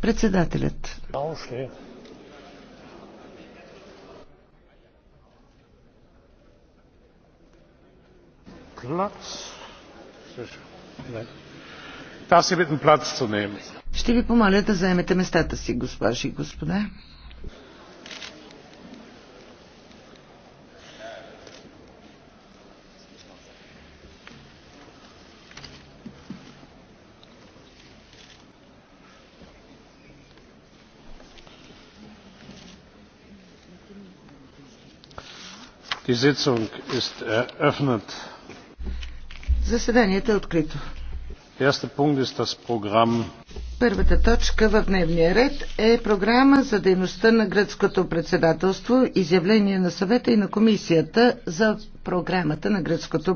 Председателят. Ще ви помоля да заемете местата си, госпожи и господа. Заседанието е открито. Първата точка в дневния ред е програма за дейността на гръцкото председателство, изявление на съвета и на комисията за програмата на гръцкото